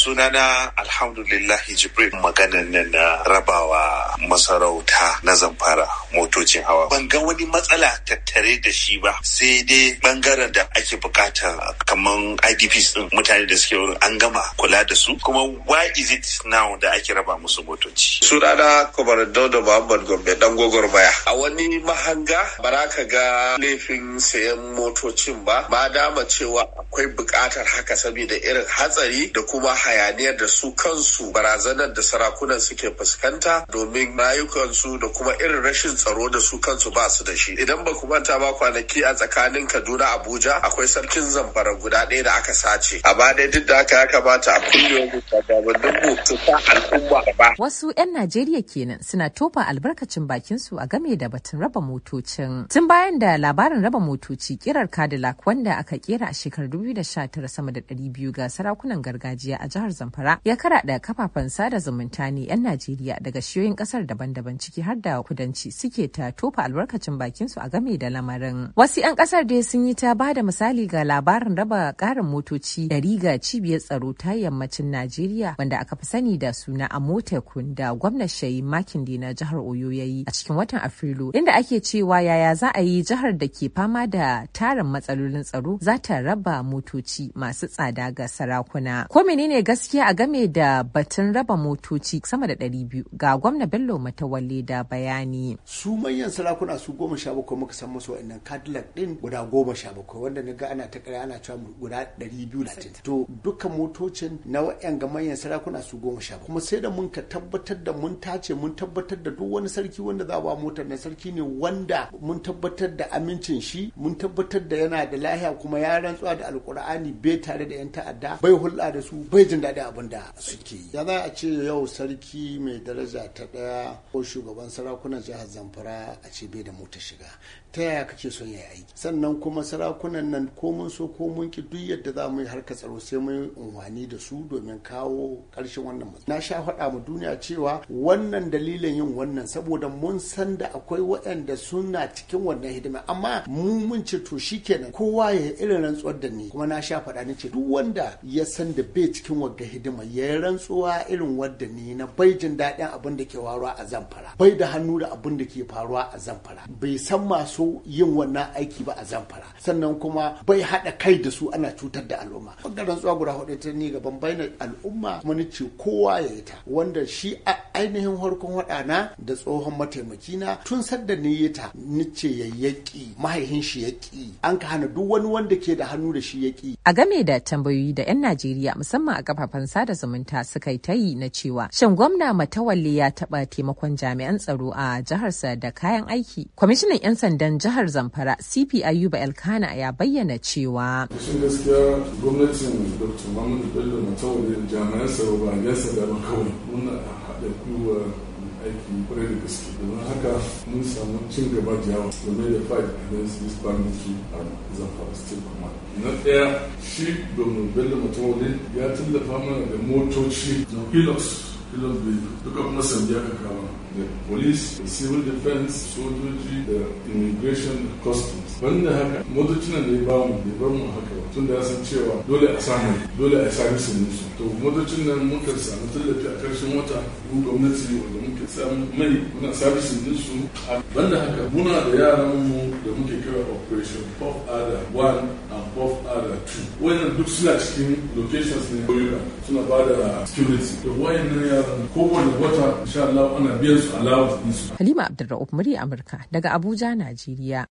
sunana alhamdulillahi jibril maganan nan na rabawa masarauta na zamfara motocin hawa ban ga wani matsala tattare da shi ba sai dai bangaren da ake bukata kamar idps din mutane da suke wurin an gama kula da su kuma why is it now da ake raba musu motoci sunana Kubar Daudu muhammad gombe dan gwagwarmaya a wani mahanga bara ka ga laifin sayan motocin ba ma dama cewa akwai bukatar haka saboda irin hatsari da kuma hayaniyar da su kan kansu barazanar da sarakunan suke fuskanta domin rayukansu da kuma irin rashin tsaro da su kansu ba su da shi idan ba ku manta ba kwanaki a tsakanin kaduna abuja akwai sarkin zamfara guda ɗaya da aka sace amma dai duk da haka ya kamata a kulle shugabannin mu su sa al'umma ba wasu 'yan najeriya kenan suna tofa albarkacin bakin su a game da batun raba motocin tun bayan da labarin raba motoci kirar cadillac wanda aka kera a shekarar 2019 sama da 200 ga sarakunan gargajiya a jihar zamfara ya kara da kafafen sada zumunta ne 'yan Najeriya daga shiyoyin kasar daban-daban ciki har da kudanci suke ta tofa albarkacin bakin su a game da lamarin. Wasu 'yan kasar dai sun yi ta ba da misali ga labarin raba karin motoci da riga cibiyar tsaro ta yammacin Najeriya wanda aka fi sani da suna a kunda da gwamnan Shayi Makinde na jihar Oyo ya yi a cikin watan Afrilu inda ake cewa yaya za a yi jihar da ke fama da tarin matsalolin tsaro za ta raba motoci masu tsada ga sarakuna. Ko menene gaskiya a game da batun raba motoci sama da 200 ga gwamna Bello Matawalle da bayani. Su manyan sarakuna su goma sha bakwai muka san musu wa'annan Cadillac din guda goma sha bakwai wanda na ga ana ta kare ana cewa guda ɗari To duka motocin na wa'yan ga manyan sarakuna su goma sha Kuma sai da mun ka tabbatar da mun tace mun tabbatar da duk wani sarki wanda za ba motar na sarki ne wanda mun tabbatar da amincin shi mun tabbatar da yana da lahiya kuma ya rantsuwa da alkur'ani bai tare da yan ta'adda bai hulɗa da su bai jin daɗi abin da su suke yi ya za a ce yau sarki mai daraja ta ɗaya ko shugaban sarakunan jihar zamfara a ce bai da mota shiga ta yaya kake son ya aiki sannan kuma sarakunan nan ko mun so ko mun ki duk yadda za mu yi harkar tsaro sai mu yi unwani da su domin kawo ƙarshen wannan matsala na sha faɗa mu duniya cewa wannan dalilin yin wannan saboda mun san da akwai waɗanda suna cikin wannan hidima amma mu mun ce to shikenan kowa ya irin rantsuwar da ni kuma na sha faɗa ni ce duk wanda ya san da bai cikin wagga hidima ya rantsuwa irin wadda ni na bai jin daɗin abin da ke faruwa a zamfara bai da hannu da abin da ke faruwa a zamfara bai san masu yin wannan aiki ba a zamfara sannan kuma bai haɗa kai da su ana cutar da al'umma bangaren rantsuwa guda hudu ta ni gaban na al'umma kuma ni ce kowa ya yi ta wanda shi a ainihin harkon waɗana da tsohon mataimakina tun sadda ni yi ta ni ce ya yaƙi mahaihin shi yaƙi an ka hana duk wani wanda ke da hannu da shi yaƙi a game da tambayoyi da 'yan najeriya musamman a kafafen sada zumunta mata suka yi ta yi na cewa shan gwamna matawalle ya taɓa taimakon jami'an tsaro a jiharsa da kayan aiki kwamishinan 'yan sandan jihar zamfara cp ayuba elkana ya bayyana cewa shin gaskiya gwamnatin dr bello jami'an tsaro ba da ba kawai muna haɗa aiki kwarai da gaske domin haka mun samu cin gaba da yawa game da fight against this banditry a zamfara state command na ɗaya shi domin bello mutum ya tallafa mana da motoci na pilots filan biyu duka kuma sabbi aka kama da police civil defense sojoji da immigration da customs banda haka motocin da ya bamu bai bar mu haka ba tun da ya san cewa dole a samu dole a sami su to motocin nan muka samu tallafi a karshen wata ko gwamnati wanda muke samu mai muna sabisin din su banda haka muna da yaran mu da muke kira operation pop ada one wannan duk suna cikin locations ne koyuka suna ba da security da wayannan yaran kowane wata insha Allah ana biyan su allowance din su Halima Abdulrauf murya Amurka daga Abuja Najeriya